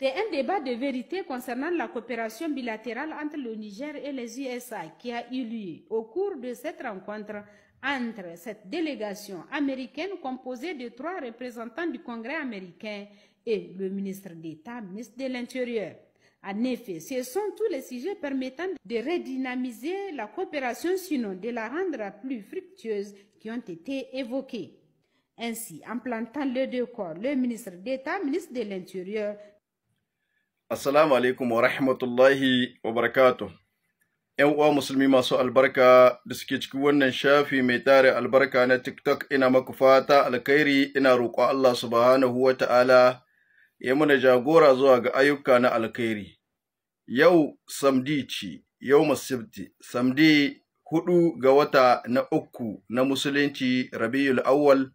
C'est un débat de vérité concernant la coopération bilatérale entre le Niger et les USA qui a eu lieu au cours de cette rencontre entre cette délégation américaine composée de trois représentants du Congrès américain et le ministre d'État, ministre de l'Intérieur. En effet, ce sont tous les sujets permettant de redynamiser la coopération, sinon de la rendre plus fructueuse, qui ont été évoqués. Ainsi, en plantant le décor, le ministre d'État, ministre de l'Intérieur, Assalamu alaikum wa rahmatullahi wa barakatu. ‘Yan uwa musulmi masu albarka da suke ciki wannan shafi mai tare albarka na TikTok ina maku fata alkhairi ina roƙo Allah subhanahu wa ta'ala ya mana jagora zuwa ga ayyuka na alkhairi. Yau samdi ci, yau masibti, samdi hudu ga wata na uku na musulunci Rabiul Awwal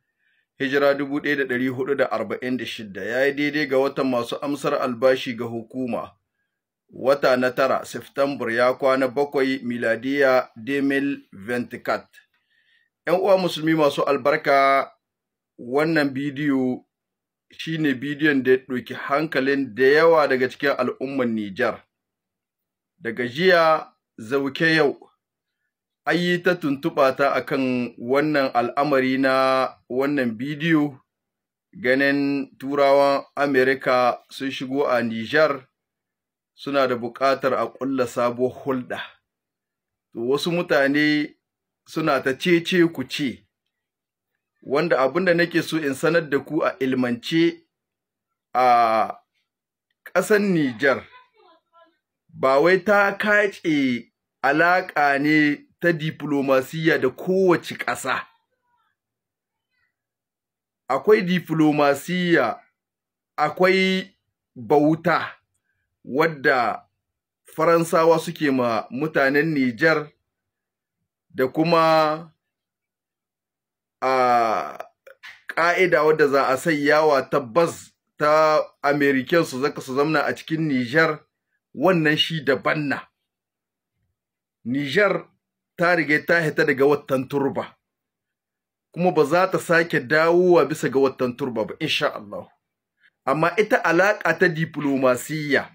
hijira 1446 ya yi daidai ga watan masu amsar albashi ga hukuma wata na tara Septembar ya kwana bakwai miladiya demil ventikat ‘yan uwa musulmi masu albarka wannan bidiyo shine bidiyon da ya ɗauki hankalin da yawa daga cikin al'umman Nijar. Daga jiya zauke yau an ta tuntuɓa ta kan wannan al'amari na wannan bidiyo ganin turawan Amerika sun shigo a Nijar suna da buƙatar a ƙulla sabuwar hulɗa. Wasu mutane suna ta cece ku ce, wanda abin da nake so in sanar da ku a ilmance a ƙasar Nijar, ba wai ta kace alaƙa ne ta diflomasiyya da kowace ƙasa akwai diflomasiyya akwai bauta wadda faransawa suke ma mutanen Nijar da kuma a ƙa'ida wadda za a sayyawa tabbas ta Ameriken su zaka su zamna a cikin Nijar wannan shi daban na. Nijar ta riga ta hita daga watan turba kuma ba za ta sake dawowa bisa ga wattan turba ba insha Allah amma ita alaƙa ta diplomasiyya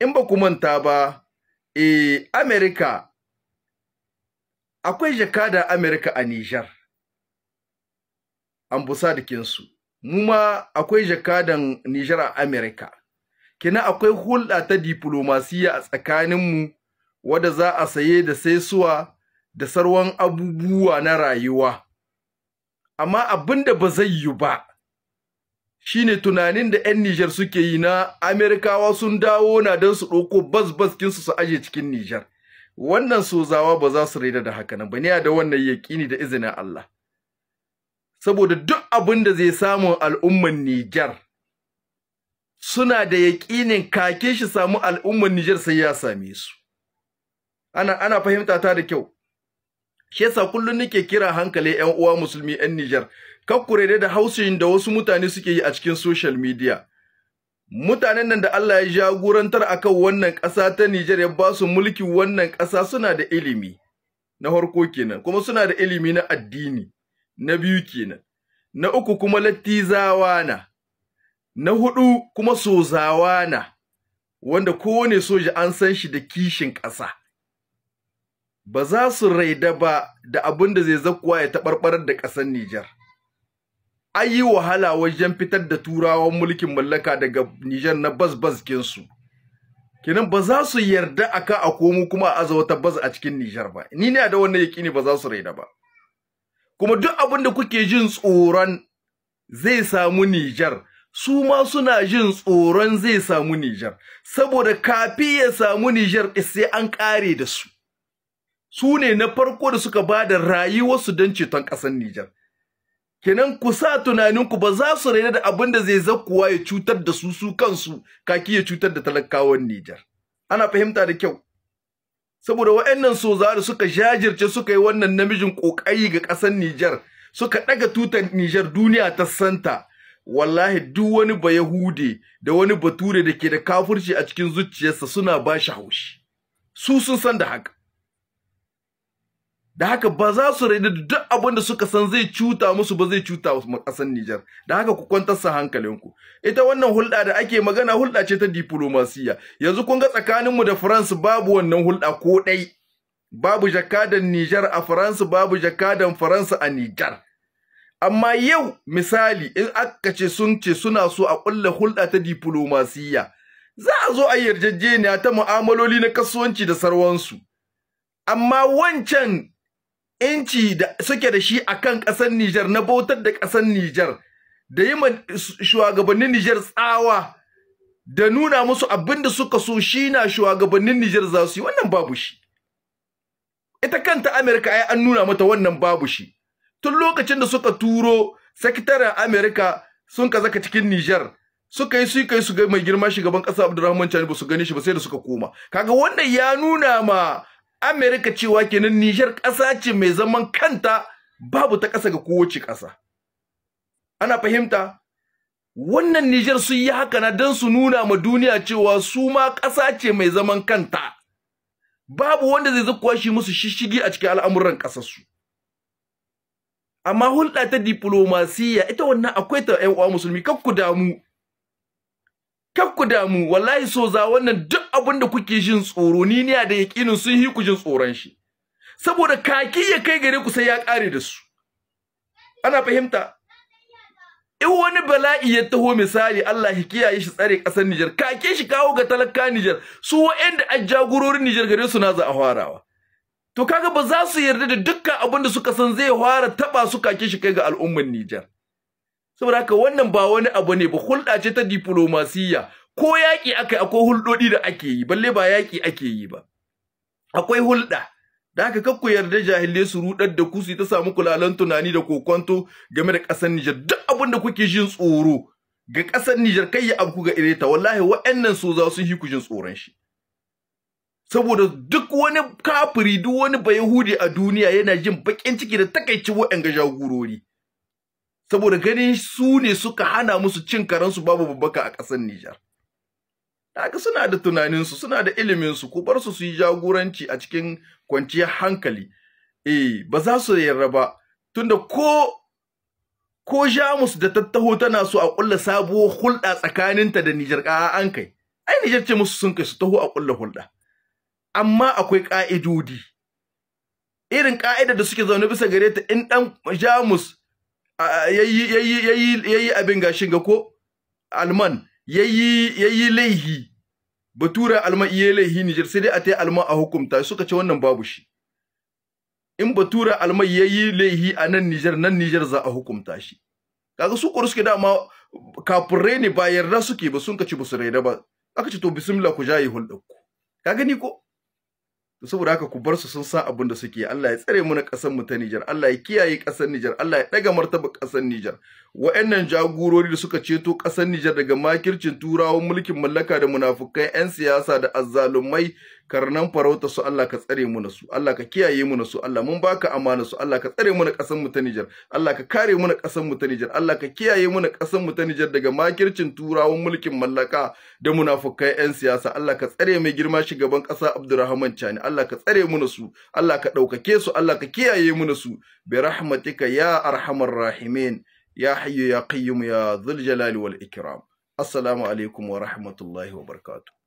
in ba ku manta ba eh Amerika akwai jakada Amerika a Nijar an busa dikinsu mu ma akwai jakadan Nijar a Amerika kina akwai hulɗa ta diplomasiya a tsakaninmu wadda za a saye da saisuwa da sarwan abubuwa na rayuwa amma abin da ba zai yi ba shi ne tunanin da 'yan Nijar suke yi na Amerikawa sun dawo na don su ɗauko bas-baskinsu su aje cikin Nijar. Wannan sozawa ba za su raida da haka nan ba ne da wannan yaƙini da izinin Allah. Saboda duk abin da zai samu al'umman Nijar suna da yaƙinin kake shi samu al'umman Nijar sai ya same su. ana ana fahimta ta da kyau shi yasa ni nake kira hankali 'yan uwa musulmi yan nijar kakkure da hausin da wasu mutane suke yi a cikin social media mutanen nan da Allah ya jagorantar kan wannan ƙasa ta Nijar ya ba su mulki wannan ƙasa suna da ilimi na harko kenan kuma suna da ilimi na addini na biyu kenan na uku kuma lattizawa na na hudu kuma sozawa na wanda kowane soja an san shi da kishin ƙasa ba za su raida ba da abin da zai zakuwa ya taɓarɓarar da ƙasar Nijar. An yi wahala wajen fitar da turawan mulkin mallaka daga Nijar na bas-bas Kinan ba za su yarda a ka a komo kuma a aza wata bas a cikin Nijar ba. Ni ne da wannan yaƙini ba za su raida ba. Kuma duk abin da kuke jin tsoron zai samu Nijar, su ma suna jin tsoron zai samu Nijar. Saboda kafi ya samu Nijar sai an ƙare da su. su ne na farko da suka ba da rayuwarsu don ceton ƙasar Nijar. Kenan ku sa tunaninku ba za su raina da abin da zai zakuwa ya cutar da su su kansu kaki ya cutar da talakawan Nijar. Ana fahimta da kyau. Saboda wa'annan da suka jajirce suka yi wannan namijin ƙoƙari ga ƙasar Nijar suka ɗaga tutar Nijar duniya ta santa. Wallahi duk wani Bayahude da wani Bature da ke da kafurci a cikin zuciyarsa suna ba shi haushi. Su sun san da haka. da haka ba za su raida duk abin da suka san zai cuta musu ba zai cuta musu kasan Nijar da haka ku kwantar sa hankalinku ita wannan hulɗa da ake magana hulɗa ce ta diplomasiya yanzu kun ga tsakanin mu da France babu wannan hulɗa ko dai babu jakadan Nijar a France babu jakadan France a Nijar amma yau misali in aka ce sun ce suna so a ƙulla hulɗa ta diplomasiya za a zo a yarjejeniya ta mu'amaloli na kasuwanci da sarwansu amma wancan inci da suke da shi a kan ƙasar Nijar na bautar da ƙasar Nijar da yi shugabannin Nijar tsawa da nuna musu abin da suka so shi na shugabannin Nijar za su yi wannan babu shi ita kanta Amerika ai an nuna mata wannan babu shi tun lokacin da suka turo sakataren Amerika sun ka cikin Nijar suka yi su yi su mai girma shugaban ƙasa Abdulrahman Chani ba su gani shi ba sai da suka koma kaga wannan ya nuna ma Amerika cewa kenan Nijar ƙasa ce mai zaman kanta babu ta ƙasa ga kowace ƙasa. Ana fahimta? Wannan Nijar sun yi haka na don su nuna ma duniya cewa su ma ƙasa ce mai zaman kanta. Babu wanda zai zakuwa shi musu shishigi a cikin al'amuran ƙasarsu. Amma hulɗa ta diplomasiya ita wannan akwai ta ‘yan uwa musulmi kan ku damu. kar ku damu wallahi so za wannan duk abin da kuke jin tsoro ni ne da yakinin sun yi ku jin tsoron shi saboda kaki ya kai gare ku sai ya kare da su ana fahimta in wani bala'i ya taho misali Allah ya kiyaye shi tsare kasar Niger kake shi kawo ga talaka Niger su wa'anda a jagororin Niger gare su na za a farawa to kaga ba za su yarda da dukkan abin da suka san zai fara taba su kake shi kai ga al'ummar Niger saboda haka wannan ba wani abu ne ba hulɗa ce ta diplomasiya ko yaƙi aka yi akwai hulɗoɗi da ake yi balle ba yaƙi ake yi ba akwai hulɗa da haka kar ku yarda jahilai su rudar da ku su ta samu kulalan tunani da kokonto game da ƙasar Nijar duk abin da kuke jin tsoro ga ƙasar Nijar kai ya abku ga ireta wallahi waɗannan su za su yi ku jin tsoron shi saboda duk wani kafiri duk wani bayahudi a duniya yana jin baƙin ciki da takaici wa'anga jagorori saboda ganin su ne suka hana musu cin karansu babu babbaka a ƙasar Nijar. Daga suna da tunaninsu, suna da iliminsu, ku bar su su yi jagoranci a cikin kwanciyar hankali. e ba za su yarda ba, tunda ko ko Jamus da tattaho tana so a ƙulla sabuwar hulɗa tsakaninta da Nijar ƙa'a an kai. Ai Nijar ce musu sun kai su taho a ƙulla hulɗa. Amma akwai ƙa'idodi. Irin ƙa'idar da suke zaune bisa gare ta in ɗan Jamus yayi abin gashin ga ko alman yayi laihi batura alman yayi laihi Niger sai dai a yi alman a hukumta suka ce wannan babu shi in tura alman yayi laihi a nan Niger nan Nijar za a hukumta shi kaga su kuru suke dama kafirai ne ba yarda suke ba sun kaci ba su raida ba aka ce to bismillah ku yi hulɗar ku ka gani ko to saboda haka ku bar su sun san abin da suke Allah ya tsare mu na ƙasar mu ta Nijar, Allah ya kiyaye ƙasar Nijar, Allah ya daga martaba ƙasar Nijar. wa'annan jagorori da suka ceto ƙasar Nijar daga makircin turawan mulkin mallaka da munafukai 'yan siyasa da azzalumai karnan farauta su Allah ka tsare mu na su Allah ka kiyaye mu na su Allah mun baka amana su Allah ka tsare mu na ƙasar mu ta Nijar Allah ka kare mu na ƙasar mu ta Nijar Allah ka kiyaye mu na ƙasar mu ta Nijar daga makircin turawan mulkin mallaka da munafukai 'yan siyasa Allah ka tsare mai girma shugaban ƙasa Abdurrahman Chani Allah ka tsare mu na su Allah ka ɗaukake su Allah ka kiyaye mu na su bi rahmatika ya arhamar rahimin يا حي يا قيوم يا ذو الجلال والإكرام السلام عليكم ورحمة الله وبركاته